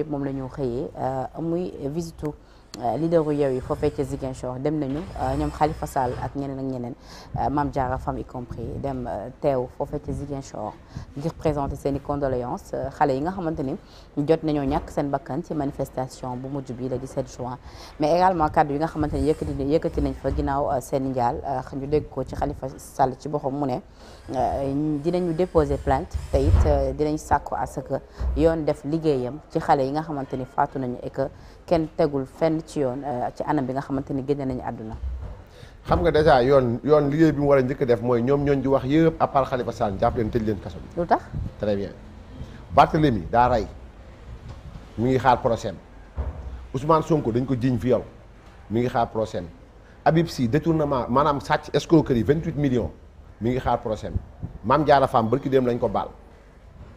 yëpp moom la ñu xëyee euh, muy visitu Euh, leaderu Yewwi foofee ca Ziguinchor dem nañu euh, ñoom Khalifa Sall ak ñeneen ak ñeneen euh, Mame Diarra Fam y compris dem teew foofee ca Ziguinchor ngir présente seen i condoléances xale yi nga xamante ni jot nañoo ñàkk seen bakkan ci manifestation bu mujj bi le 17 juin mais également kàddu yi nga xamante ni yëkkati yëkkati nañ fa ginnaaw seen njaal ñu dégg ko ci Khalifa Sall ci boppam mu ne dinañu déposer plainte te it dinañ sàkku à ce que yoon def liggéeyam ci xale yi nga xamante ni faatu nañu kenn tegul fenn ci yoon euh, ci anam bi nga xamante ni génne nañu àdduna xam nga dèjà yoon yoon liggéey bi mu war a njëkk def mooy ñoom ñooñ di wax yëpp à part Khalifa Sall jàpp leen tëj leen kaso bi lu tax très bien Barthélemy daa rey mi ngi xaar procès Ousmane Sonko dañ ko jiiñ fi yow mi ngi xaar procès Habib Sy détournement maanaam sàcc escroquerie 28 millions mi ngi xaar procès Mame Diarra Fam barki lañ ko baal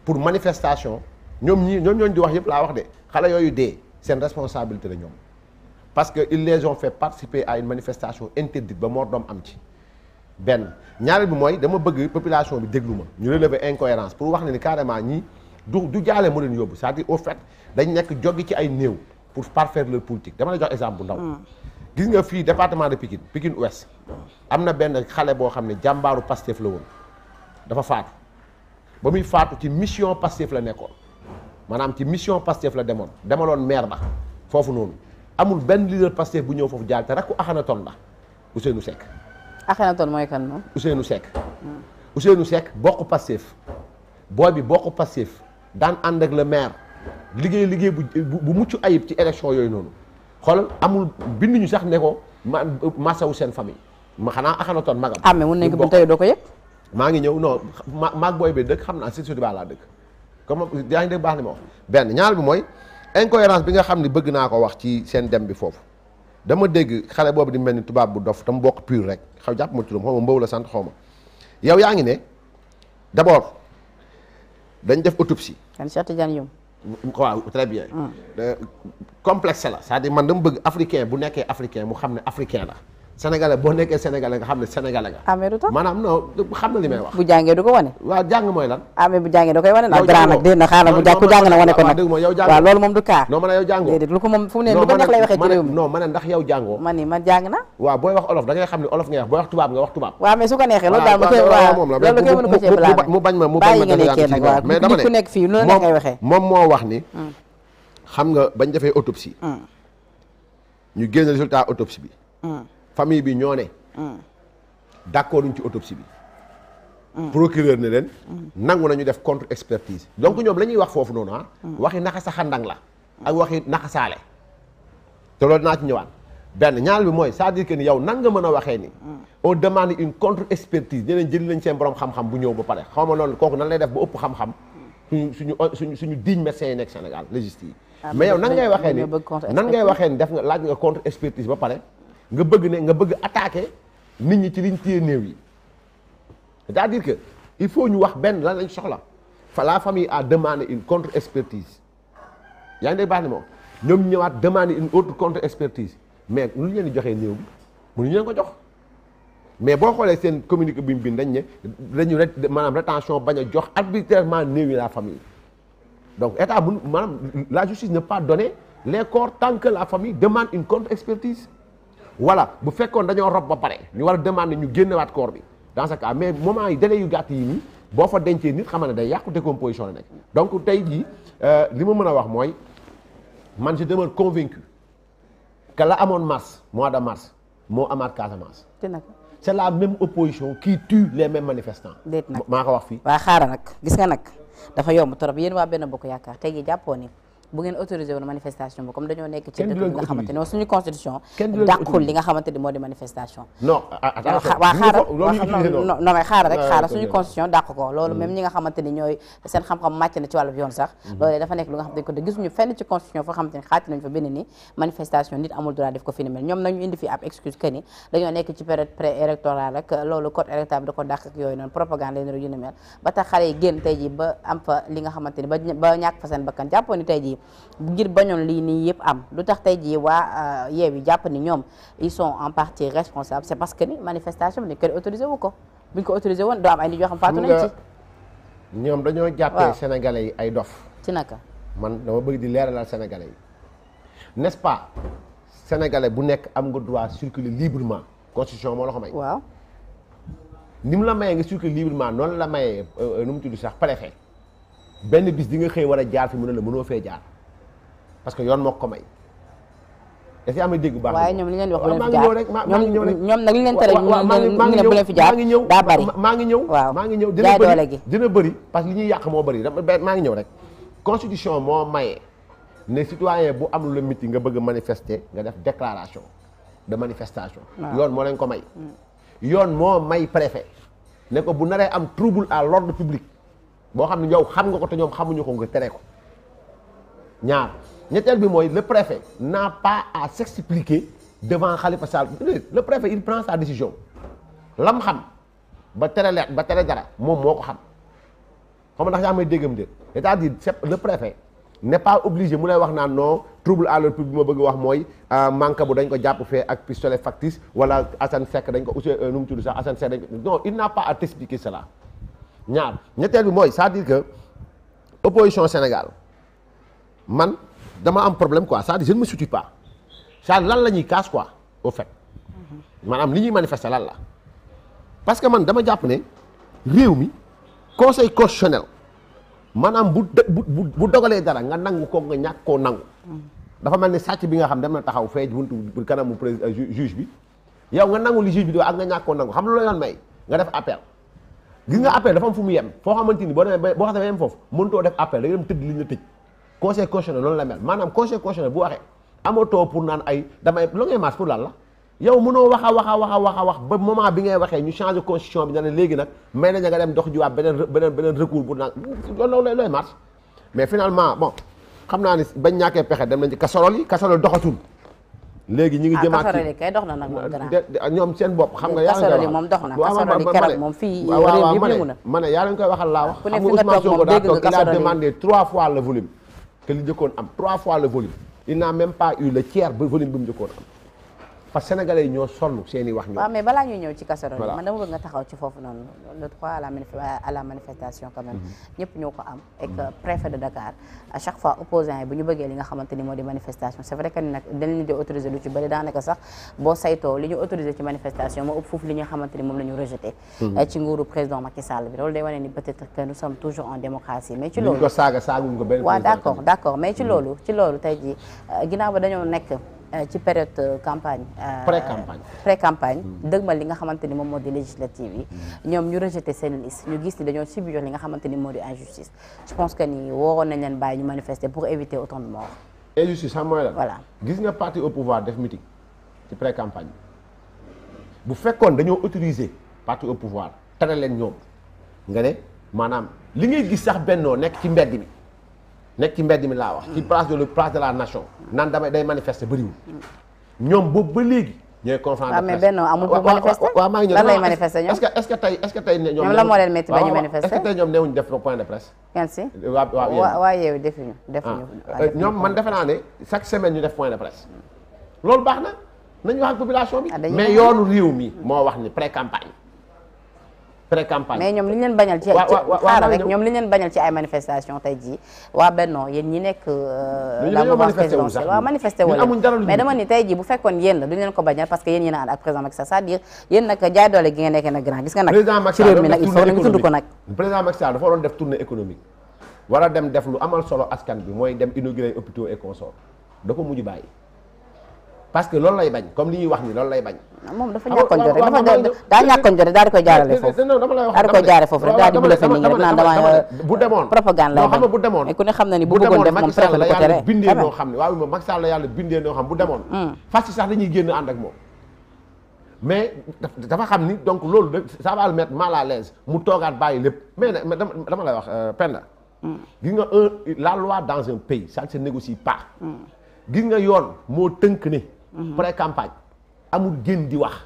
pour manifestation ñoom ñii ñoom ñooñ di wax yëpp laa wax de xale yooyu dee seen responsabilité la ñoom parce que ils les ont fait participer à une manifestation interdite ba moo doom am ci benn ñaareel bi mooy dama bëgg population bi déglu ma ñu relever incohérence pour wax ne ni carrément ñi du du jaale moo leen yóbbu c'est-à-dire au fait dañu nekk joggi ci ay néew pour parfaire leur politique dama lay jox exemple bu ndaw mm. gis nga fii département de Pikine Pikine Ouest am na benn xale boo xam ne jàmbaaru Pastef la woon dafa faatu ba muy faatu mission Pastef la nekkoon maanaam ci mission Pastef la demoon demaloon maire ba foofu noonu amul benn leader Pastef bu ñëw foofu jaar te rakku Akhenaton la Ousseynou Seck. Akhenaton mooy kan moom. Ousseynou Seck. Hmm. Ousseynou Seck bokk Pastef booy bi bokk Pastef daan ànd ak le maire liggéey liggéey bu bu mucc ayib ci élection yooyu noonu xoolal amul bind ñu sax ne ko ma masawu seen famille ma xanaa Akhenaton magam. ah mais mun nañu ko bu tey doo ko yëg. maa ngi ñëw non ma maag booy bi dëkk xam naa si suba laa dëkk. comme yaa baax li ma wax benn ñaar bi mooy incohérence bi nga xam ne bëgg naa ko wax ci seen dem bi foofu dama dégg xale boobu di mel ni tubaab bu dof tam bokk pur rek xaw jàpp ma turam xaw ma la sant xaw ma yow yaa ngi ne d'abord dañ def autopsie. kan Cheikh Tidiane Youm. waaw très hmm. euh, complexe la c'est-à-dire man dama bëgg africain bu nekkee africain mu xam ne africain la. sénégalais boo nekkee sénégalais nga xam ne sénégalais nga. ah mais du tax maanaam non xam na li may wax. bu jàngee du ko wane. waaw jàng mooy lan. ah mais bu jàngee da koy wane nag. dara nag dégg na xaaral bu jàng ku jàng na wane ko nag. waaw loolu moom du cas. non ma ne yow jàngoo déedéet lu ko moom fu mu ne lu ko neex lay waxee ci réew mi. non ma ne ndax yow jàngoo. ma ni ma jàng na. waaw booy wax olof da ngay xam ne olof ngay wax booy wax tubaab nga wax tubaab. waaw mais su ko neexee loolu daal ma koy waaw loolu da koy mën ko cee blâmer mu bañ ma mu bañ ma nga nekkee nag waaw nit ku nekk fii lu la neex ngay waxee moom moo wax ni mm. xam nga bañ defee autopsie mm. ñu génn résultat autopsie bi mm. famille bi ñoo ne. Mm. d'accord ñu ci autopsie bi. procureur ne leen. Mm. nangu nañu def contre expertise. donc ñoom la ñuy wax foofu noonu ah. Mm. waxi naxa sa xandang la. ak waxi naxa saale. te loolu naa ci ñëwaat benn ñaar bi mooy c'est-à-dire que ni yow nan nga mën a waxee ni. on demande une contre expertise ñeneen jëli nañ seen borom xam-xam bu ñëw ba pare xaw ma loolu kooku nan lay def ba ëpp xam-xam. suñu suñu suñu suñu digne médecin yi nekk Sénégal légiste ah, mais yow nan ngay waxee ni nan ngay waxee ni laaj contre expertise ba pare. nga bëgg ne nga bëgg attaque nit ñi ci liñ téye néew yi cest à que il faut ñu wax benn lan lañ soxla fa la famille a demandé une contre-expertise yaa ngi day baax ne moom ñoom ñëwaat demande une autre contre-expertise mais lu ñu leen di joxee néew bi mënuñu leen ko jox mais boo xoolee seen communiqué bi mu bind dañ ne dañu re maanaam rétention bañ a jox arbitrairement néew yi la famille donc état mun maanaam la justice ne pas donner les corps tant que la famille demande une contre-expertise voilà bu fekkoon dañoo rob ba pare ñu war a demander ñu génnewaat corps bi dans ce cas mais moment yi délai yu gàtt yi nii boo fa dencee nit xam ne day yàqu décomposition la nekk donc tey jii euh, li ma mën a wax mooy man si demeure convaincu que la amoon mars mois de mars moo amaat Casamance. c'est la même opposition qui tue les mêmes manifestants. déet maa ko wax fii. waa xaaral nag gis nga nag dafa yomb trop yéen waa benn bokk yaakaar tey jii jàppoo ni bu ngeen autorisé woon manifestation bi comme dañoo nekk ci dëkk bi nga xamante ne suñu constitution dàqul li mm-hmm. nga xamante nga xamante ni ñooy seen xam-xam sax mm-hmm. loolu dafa nekk lu nga xamante ni ko de gisuñu fenn ci constitution foo xamante ni xaati nañ fa benn ni manifestation nit amul droit def ko fi ni mel ñoom nag indi fi ab excuse que dañoo nekk ci période pré électorale rek loolu code électoral bi da ko yooyu noonu propagande leen mel ba tax xale yi génn tey ji ba am fa li nga xamante ba ñàkk fa seen bakkan jàppoon ni tey ji ngir bañoon lii nii yëpp am lu tax tey jii waa euh, yeew yi jàpp ni ñoom ils sont en partie responsables c'est parce que ni manifestation bi autorisé wu ko buñ ko autorisé woon doo am xam faatu nañ ñoom dañoo jàppee sénégalais yi ay dof ci naka man dama bëgg di leeralal sénégalais yi n'est-ce pas sénégalais bu nekk am nga droit circuler librement constitution moo la ko may waaw ni mu la mayee nga circuler librement noonu la mayee euh, euh, nu mu tudd sax préfet benn bis di nga xëy war a jaar fi mu ne la mënoo fee jaar parce que yoon moo ko may. dafay am dégg baax waaye ñoom li leen wax bu leen fi jaar rek ñoom nag li leen tere ñu ne bu leen fi jaar daa bari maa ngi ñëw waaw maa ngi ñëw dina bëri dina bëri parce que li ñuy yàq moo bëri maa ngi ñëw rek constitution moo maye ne citoyen bu am lu meeting nga bëgg manifester nga def déclaration de manifestation yoon moo leen ko may yoon moo may préfet ne ko bu naree am trouble à l'ordre public boo xam ne yow xam nga ko te ñoom xamuñu ko nga tere ko ñaar ñetteel bi mooy le préfet n'a pas à s'expliquer devant Khalifa Sall le préfet il prend sa décision lam xam ba tere leet ba tere dara moom moo ko xam xam ndax yaa may déggam de c'est-à-dire le préfet n'est pas obligé mu lay wax naan noo trouble à l'ordre public bi ma bëgg wax mooy euh, manque bu dañ ko jàpp fee ak pistolet factice wala Assane Seck dañ ko aussi euh, nu mu tudd sax Assane Seck dañ ko non il n'a pas à t'expliquer cela ñaar ñetteel bi mooy c'est-à-dire que opposition dama am problème quoi c'est-à-dire je ne me pas c'est-à-dire lan la ñuy casse quoi au fait maanaam li ñuy manifester lan la que man dama jàpp ne réew mi conseil constitutionnel maanaam bu bu bu dogalee dara nga nangu ko nga ñàkk koo nangu. dafa mel ni sàcc bi nga xam dem na taxaw fee buntu bu kanamu président euh, juge bi yow nga nangu li juge bi di wax ak nga ñàkk koo nangu xam lu la yoon may nga def appel. gis nga appel dafa am fu mu yem foo xamante ni boo demee boo xam yem foofu mënutoo def appel da nga dem tëdd conseil constitutionnel loolu la mel maanaam conseil constitutionnel bu waxee amatoo pour naan ay damay lo ngay wax a wax a wax a a wax ba moment bi ngay waxee ñu changé constitution bi ne léegi nag may nañu nga dem dox jiwaat beneen beneen beneen recours pour naa ni bañ ñàkkee pexe dem nañ ci casserole yi casserole doxatul léegi ñu ngi ah, jëmaat ci kay dox na nag moom ñoom seen bopp xam nga yaa ngi koy koy waxal laa wax xam nga Ousmane Sonko daa toog il demandé trois fois le volume que li njëkkoon am trois fois le volume il n'a même pas eu le tiers ba volume bi mu njëkkoon am parce que sénégalais yi ñoo sonn seen i wax. ñuy ñëw ci casserole. voilà man dama nga taxaw ci foofu noonu le mhm. ko am. et que mhm. de Dakar à chaque fois opposants yi bu ñu bëggee li nga xamante ni di manifestation c' est vrai que nag dañ leen lu ci bëri daanaka sax boo saytoo li ñu autorisé ci manifestation moo ëpp foofu li nga xamante moom la ñu rejeté. Mhm. Eh, ci nguuru président Macky Sall bi loolu day wane ni peut être que toujours en démocratie. Euh, ci période euh, campagne. Euh, pré campagne pré campagne. Hmm. dëgmal li nga xamante ni moom moo di législative yi. Hmm. ñoom ñu rejeté seen liste ñu gis ni dañoo subir li nga xamante ni moo di injustice. je pense que ni waroon nañ leen bàyyi ñu manifester pour éviter autant de morts. injustice xam mooy la gis nga parti au pouvoir def meeting ci pré campagne bi bu fekkoon dañoo autoriser parti au pouvoir tere leen ñoom nga ne maanaam li ngay gis sax bennoo nekk ci mbedd mi. nekk ci mbedd mi laa wax. ci place de la nation. naan damay day manifester bëriwul. ñoom boobu ba léegi. ñooy conférence de ah, presse waaw ñoom. la moo leen métti ba ñu manifester est tey ñoom newuñu def point de presse. merci waaw defuñu ah. defuñu. Euh, ñoom man defe naa ne chaque semaine ñu def point de presse. loolu baax na nañu wax ak population bi. Ah, mais yoonu réew mi moo wax ni pré campagne pré-campagne mais ñoom li ñu leen bañal ci xaaral rek ay manifestation tey jii waa Benno yéen ñi nekk euh, la mouvance présidentielle waaw manifesté wala mais dama ni tey jii bu fekkoon yéen la duñu leen ko bañal parce que yéen yéen a ànd ak président Macky Sall c'est-à-dire yéen jaay doole gi nga nekkee nag grand gis nga nag ci réew mi nag il faut nag tudd ko nag président Macky Sall dafa waroon def tournée économique war a dem def lu amal solo askan bi mooy dem inaugurer hôpitaux et consorts da ko mujj bàyyi parce que loolu lay bañ comme li ñuy wax ni loolu lay bañ. moom dafa ñàkkoon jore dafa ñàkkoon jore rek daal dama lay bañ xam ni bu bëggoon def moom préfet la la yàlla bindee noo yi lépp mais nag dama lay wax Penda gis nga un la loi dans un pays ça ne négocie pas gis nga yoon moo tënk ni Mhm. pré campagne amul génn di wax.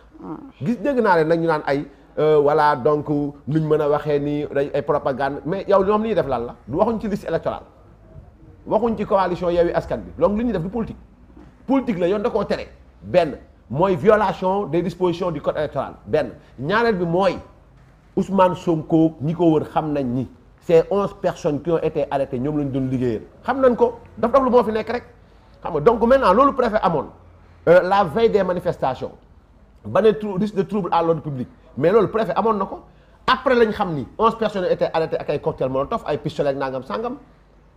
gis dégg naa leen nag ñu naan ay euh, voilà donc nuñ mën a waxee ni dañ ay propagande mais yow ñoom li def lan la waxuñ ci liste électorale waxuñ ci coalition Yewwi Askan Wi donc li ñuy def du politique politique la yoon da koo tere benn mooy violation des dispositions du code benn ñaareel bi mooy Ousmane Sonko ñi ko wër xam nañ ñi c'est onze personnes qui ont été arrêtées ñoom lañ doon liggéeyal xam nañ ko daf daf lu moo fi nekk rek xam nga donc maintenant loolu préfet amoon. Euh, la veille des manifestations ba ne risque de trouble à l'ordre public mais loolu préfet amoon na ko après lañ xam ni onze personnes étaient arrêtées ak ay cocktail molotov ay pistolet ak nangam sangam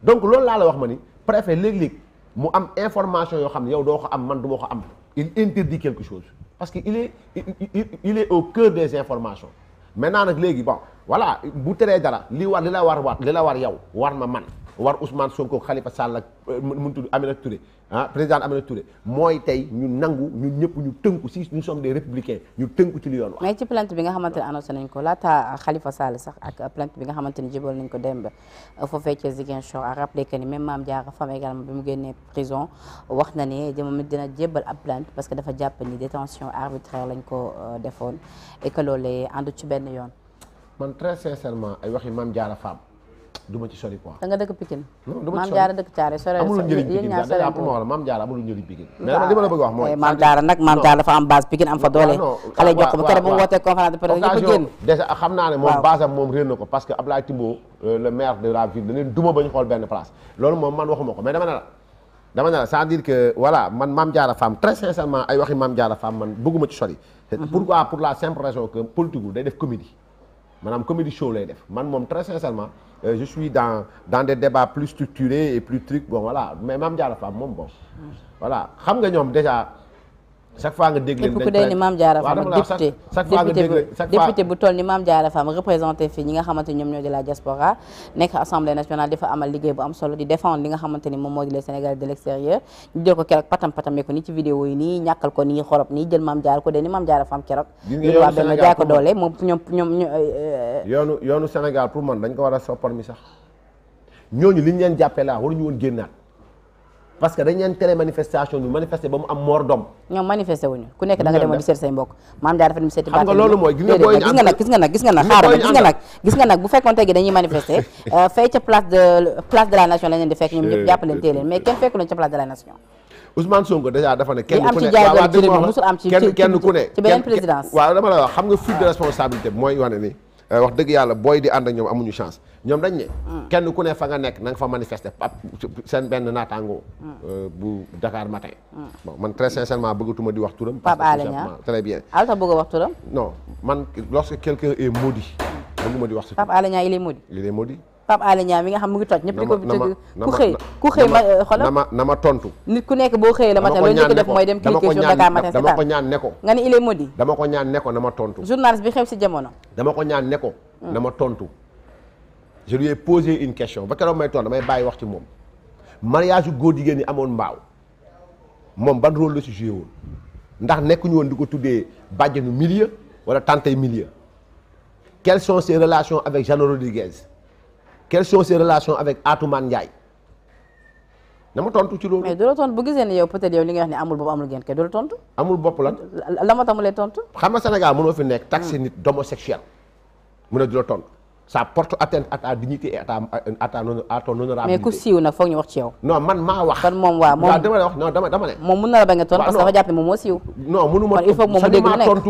donc loolu laa la wax ma ni préfet léeg-léeg mu am information yoo xam ne yow doo ko am man du ma ko am il interdit quelque chose parce que il est il est au cœur des informations maintenant nag léegi bon voilà bu teree dara li war li la war waat li la war yow war ma man war Ousmane Sonko Khalifa Sall ak euh, mu tudd Aminata Touré ah président Aminata Touré mooy tey ñu nangu ñu ñëpp ñu tënku si nous sommes des républicains ñu tënku ci li yoon wax mais bi nga xamante ne annoncé ko laata Khalifa Sall sax ak plainte bi nga xamante ne jibal nañ ko démb foofee ca Ziguinchor a rappelé que ni même Mame Diarra Fam également bi mu génnee prison wax na ne moom it dina jébbal ab plainte parce que dafa jàpp ni détention arbitraire lañ ko euh, defoon et que loolee àndu ci benn yoon man très sincèrement ay waxi Mame Diarra Fam duma ci soli quoi. da nga dëkk Pikine. non du ma ci sori Maam Jaara dëkk Thiaré sori. ma wax Maam Jaara a wax mooy. Eh, nag Maam Jaara dafa am base am fa doole. xale jox bu tere bu mu wootee conférence de presse a génn. déjà xam naa ne moom base euh, de la ville da loolu moom man waxuma ko mais dama ne la dama ne que voilà man Mame Diarra Fam très ay waxi Mame Diarra Fam man bëgguma ci sori. Mhm. pourquoi pour la simple raison que politique day def comédie maanaam comédie show lay def man moom très sincèrement. Euh, je suis dans dans des débats plus structurés et plus trucs bon voilà mais Mame Diarra Fam moom bon voilà xam nga ñoom déjà chaque fois nga dégg leen ku doy ni Mame Diarra Fam représenté fii ñi nga xamante ni ñoom ñoo di la diaspora assemblée nationale di amal liggéey bu am solo di défendre li nga xamante ni moom moo di les Sénégalais de l'extérieur ñu jël ko keroog patam patamee ko nii ci vidéo yi nii ñàkkal ko nii xorob nii jël Mame Diarra ku doy ni Mame Diarra Fam keroog ñu waa benn jaay ko euh, euh, yoonu yoonu Sénégal pour man dañ ko war a soppar mi sax ñooñu liñ leen jàppee laa waruñu woon génnaat parce que dañ leen tere manifestation ñu manifester ba mu am mort ñoom manifester wuñu ku nekk da demoon di seet say mbokk maam daa dafa dem seeti xam nga loolu ca place de la nation lañ di fekk ñoom ñëpp jàpp leen mais kenn fekku leen ca place de la nation Ousmane Sonko déjà dafa ne kenn ku ne musul am ci beneen présidence waaw dama la wax xam nga fuite de responsabilité mooy wane ni euh, wax dëgg yàlla booy di ànd ñoom amuñu chance ñoom dañ ne. Mm. kenn ku ne fa nga nekk na nga fa manifester pap seen benn naataango. Mm. Euh, bu Dakar matin. Mm. bon man très sincèrement bëggatuma di wax turam. Pape Alé Niang très wax turam. non man lorsque quelqu'un est maudit. bëgguma di wax si. Pape Alé Niang il est maudit. il est maudit. Pape Alé Niang mi nga xam mu ngi toj ñëpp di ko ku xëy ku xëy ma euh, ma na ma tontu nit ku nekk boo xëyee la matin loolu njëkk def mooy dem cliquer sur Dakar matin dama ko ñaan ne ko nga ne il est maudit dama ko ñaan ne ko na ma tontu journaliste bi xew si jamono dama ko ñaan ne ko na ma tontu je lui ai posé une question ba keroog may toon damay bàyyi wax ci moom mariage yu góor jigéen ñi amoon mbaaw moom ban rôle la si joué woon ndax nekkuñu woon di ko tuddee bàjjenu milieu wala tantey milieu quelles sont ses relation avec Jean Rodriguez quelles sont ses relations avec Atoumane Ndiaye na ma tontu ci loolu. mais du la tontu bu gisee ne yow li nga wax ne amul bopp amul génn kay du la tontu. amul bopp lan. la ma tamulee tontu. xam Sénégal fi nekk. taxi hmm. nit d'homosexuel mu ne du la tontu. ça porte atteinte à ta dignité et à ta ku siiw nag foog ñu wax ci yow. man maa wax. kon moom waaw moom dama dama dama ne. moom mun na la bañ a tontu parce que moom moo siiw. non mënu ma kon il